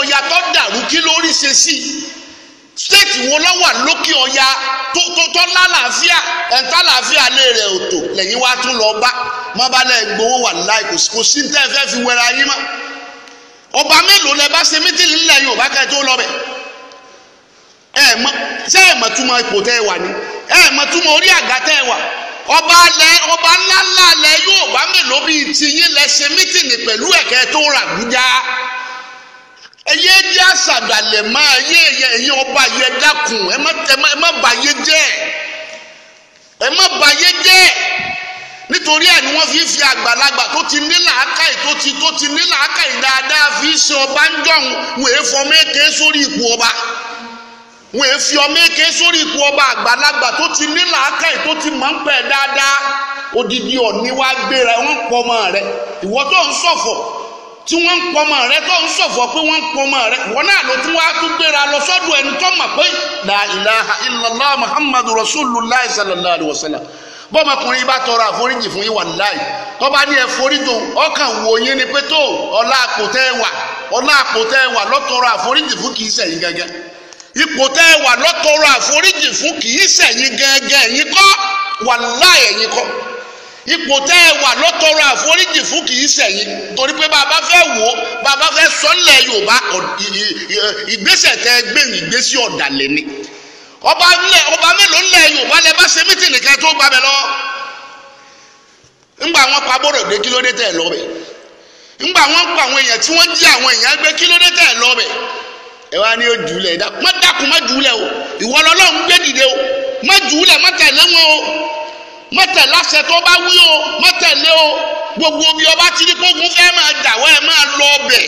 ọya tó dàrú kí lórí ṣe sí stéètì wo ló wà lókè ọya tó tó tó lálàáfíà ẹ̀ńtà làáfíà lé rẹ̀ òtò lẹ́yìn wá tún lọ bá má bá lẹ́ gbowó wà láì kò sí tẹ́ fẹ́ fi wẹra yín mọ́ ọba mélòó lẹ bá ṣe mítìlì ńlẹ̀ yìí ò bá kẹ́ tó lọ bẹ̀ ẹ mọ̀ ṣé ẹ mọ̀ túmọ̀ ipò tẹ́ ẹ wà ní ẹ mọ̀ túmọ̀ orí àga tẹ́ ẹ wà ọba alẹ ọba ńlá ńlá alẹ yóò bá mélòó bíi tiyín lẹ ṣe mítìlì pẹ̀lú ẹ̀kẹ́ tó rà gbúdá ẹyẹ jẹ àṣàdàlẹ máa yé ẹyẹ ẹyẹ ọba yẹ dákun ẹ má ẹ má ẹ má bà yé jẹ́ ẹ má bà yé jẹ́ nítorí ẹ ni wọ́n fi fi àgbàlagbà tó ti ní làákàyè tó ti tó ti ní làákàyè dáadáa fi ṣe ọba ń dọ̀hún wèé fọmọ èké sórí ipò ọba wọ́n fi ọmọ èké sórí ipò ọba àgbàlagbà tó ti ní làákàyè tó ti mọ̀ ń pẹ́ dáadáa odidi ọ̀ní wá gbéra wọ́n pọ̀ ọmọ rẹ̀ ìwọ tó ń ṣọ̀fọ̀ tí wọ́n ń pọmọ rẹ tó ń ṣọ̀fọ̀ pé wọ́n ń pọmọ rẹ wọn náà ló tún wá tún gbéra lọ sọ́dọ̀ ẹni tó mọ̀ pé la ilaha illallah muhammadu rasulillah sallallahu alayhi wa sallam bọ́mọkùnrin bá tọrọ àforíjì fún yín wallahi tó bá ní ẹ ọkàn wò yín ni pé tó àforíjì fún kìí ipò tẹ́ ẹ wà lọ́tọ̀ọ̀rọ̀ àforíjì fún kì í sẹ̀yìn torí pé bàbá fẹ́ wò ó bàbá fẹ́ sọ́lẹ̀ yorùbá ìgbésẹ̀ tẹ́ ẹ gbé ìgbésí ọ̀dàlẹ̀ ni ọba ńlẹ̀ ọba mélòó ńlẹ̀ yorùbá lẹ bá ṣe mítìnì kẹ́ tó gbàbẹ̀ lọ. ńgbà wọn pa bọ́rọ̀ gbé kílódé tẹ́ ẹ lọ bẹ̀ ńgbà wọn pa àwọn èèyàn tí wọ́n jí àwọn èèyàn gbé kílódé tẹ́ ẹ lọ bẹ̀ ẹ wá ní ojúlẹ̀ dákun má dákun má jùlẹ̀ o ìwọ lọ́lọ́run gbé dìde o má jùlẹ̀ má tẹ̀l mọ́tẹ̀ láṣẹ tó bá wí o mọ́tẹ̀lé o gbogbo omi ọba ti ní kókun fẹ́ máa dàwọ́ ẹ máa lọ ọbẹ̀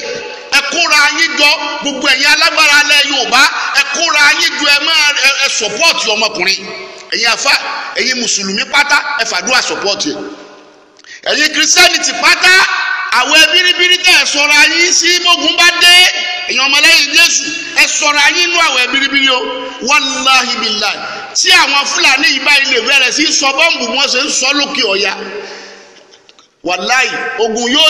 ẹ kóra yín jọ gbogbo ẹ̀yin alágbára alẹ́ Yorùbá ẹ kóra yín jọ ẹ máa ẹ sọ̀pọ́ọ̀tì ọmọkùnrin ẹ̀yin afa ẹ̀yin mùsùlùmí pátá ẹ fàdúrà sọ̀pọ́ọ̀tì ẹ̀yin kìrìsìtẹ́nìtì pátá àwọn ẹbíríbírí tẹ ẹ sọra yín sí mógun bá dé èèyàn ọmọlẹ́yìn Jésù ẹ sọra yín nú àwọn ẹbíríbírí o wàláhi bíláì tí àwọn Fúlàní yìí báyìí lè bẹ̀rẹ̀ sí sọ bọ́ǹbù wọn ṣe ń sọ lókè ọ̀yà wàláì ogun yóò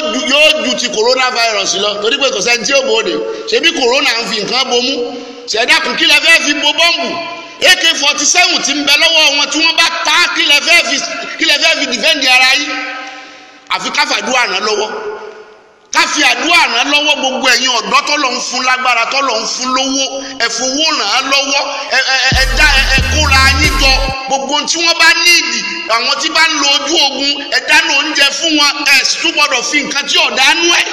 ju ti coronavirus lọ torí pé kò sẹ́ni tí ó bòde ṣebí corona ń fi nǹkan bomú ṣẹ̀dá kù kí lẹ fẹ́ fi bo bọ́ǹbù ak forty seven ti ń bẹ lọ́wọ́ wọn tí wọ́n bá ta kí lẹ fẹ́ fi kí lẹ fẹ́ fi dìfẹ́ǹdì ara yìí àfi káfàdúrà náà lọ́wọ́ ká fi àdúrà ràn lọ́wọ́ gbogbo ẹ̀yin ọ̀dọ́ tọ́lọ̀ ń fún lágbára tọ́lọ̀ ń fún lówó ẹ̀fowó ràn án lọ́wọ́ ẹ̀dá ẹ̀kóra yín jọ gbogbo tí wọ́n bá níìdì àwọn tí bá ń lo ojú ogun ẹ̀dá ló ń jẹ fún wọn ẹ̀ tó gbọ́dọ̀ fi nǹkan tí ọ̀dá nú ẹ̀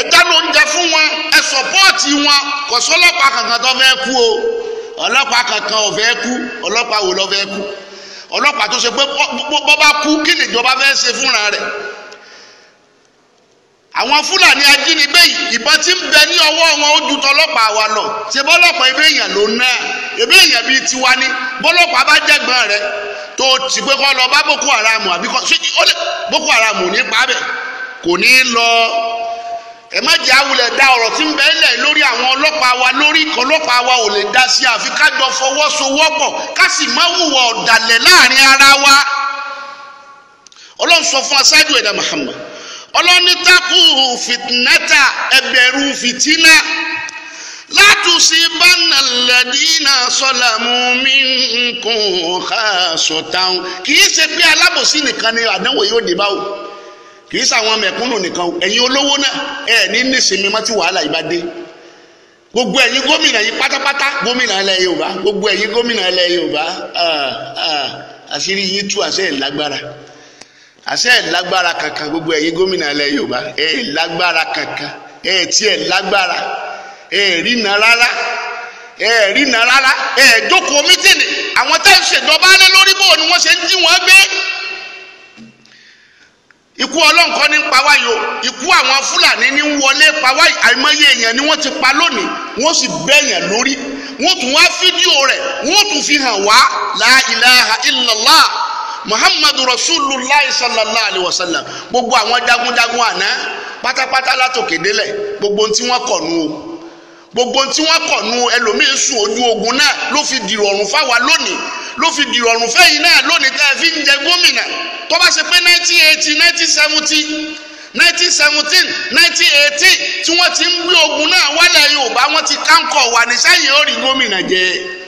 ẹ̀dá ló ń jẹ fún wọn ẹ̀ sọ̀pọ́ọ̀tì wọn kò sọ́lọ́pàá kankan tó fẹ́ kú o ọlọ́pàá kankan ò fẹ́ kú ọlọ́pàá wò ló fẹ́ kú ọlọ́pàá tó ṣe pé bọ́ bá kú kí nìjọba fẹ́ ṣe fúnra rẹ̀ àwọn fúlàní ajínigbé yìí ìbọn tí ń bẹ ní ọwọ́ wọn ó dùn tọlọ́pàá wa lọ ṣe bọ́lọ́pàá ebe èèyàn ló ná ebe èèyàn bíi tiwa ni bọ́lọ́pàá bá jẹ̀gbọ́n rẹ tó ti pé kọ́ lọ bá boko haram àbí kọ́ ṣé ó lè boko haram ò ní pa bẹ̀ kò ní lọ ẹ má jẹ́ àwùlẹ̀ da ọ̀rọ̀ tí ń bẹ lẹ̀ lórí àwọn ọlọ́pàá wa lórí ìkọ́ ọlọ́pàá wa ò lè dá sí àfi kájọ fọwọ́sowọ́pọ̀ ká sì má wùwà ọ̀dàlẹ̀ láàrin ara wa ọlọ́run sọ fún aṣáájú ẹ̀dá Muhammad ọlọ́nitaku fìtínẹ́tà ẹgbẹ̀rún fìtínà látùsí bánà lẹ́dínà sọ́làmù mí nǹkan ká sọ̀tàn kì í ṣe pé alábòsí nìkan ni àdánwò yóò dé báwò kì í ṣàwọn mẹ̀kúnnù nìkan ẹ̀yin olówó náà ẹ̀ ní nísìmí má ti wàhálà yìí bá dé gbogbo ẹ̀yin gómìnà yìí pátápátá gómìnà ilẹ̀ Yorùbá gbogbo ẹ̀yin gómìnà ilẹ̀ Yorùbá ah, ah, àṣírí yìí tú àṣẹ ìlágbára àṣẹ ẹ̀ lágbára kankan gbogbo ẹ̀yin gómìnà ilẹ̀ Yorùbá ẹ̀ lágbára kankan ẹ̀ tiẹ̀ lágbára ẹ̀ rína rárá ẹ̀ rína rárá ẹ̀ jókòó mítìnì àwọn tẹ́ ń ṣèjọba lé lórí bò ni wọ́n ṣe ń jí wọn gbé ikú ọlọ́nkọ́ ní pawá yìí o ikú àwọn fúlàní ní wọlé pawá àìmọye èèyàn ni wọ́n ti pa lónìí wọ́n sì bẹ̀yàn lórí wọ́n tún wá fídíò rẹ̀ wọ́n tún fi hàn wá la ilaha illallah muhammadu rasulillah sallallahu alayhi wa sallam gbogbo àwọn jagunjagun àná pátápátá látòkè délẹ̀ gbogbo tí wọ́n kọ̀ nu o gbogbo tí wọ́n kọ̀ nu ẹlòmíín sùn ojú ogun náà ló fi fáwa lónìí ló fi dìrọ̀rùn fẹ́yìn náà lónìí tẹ́ ẹ fi ń jẹ gómìnà tó bá ṣe pé nineteen ti ń gbé ogun náà wálẹ̀ yorùbá wọ́n ti káńkọ̀ wà ní sẹ́yìn ó rí gómìnà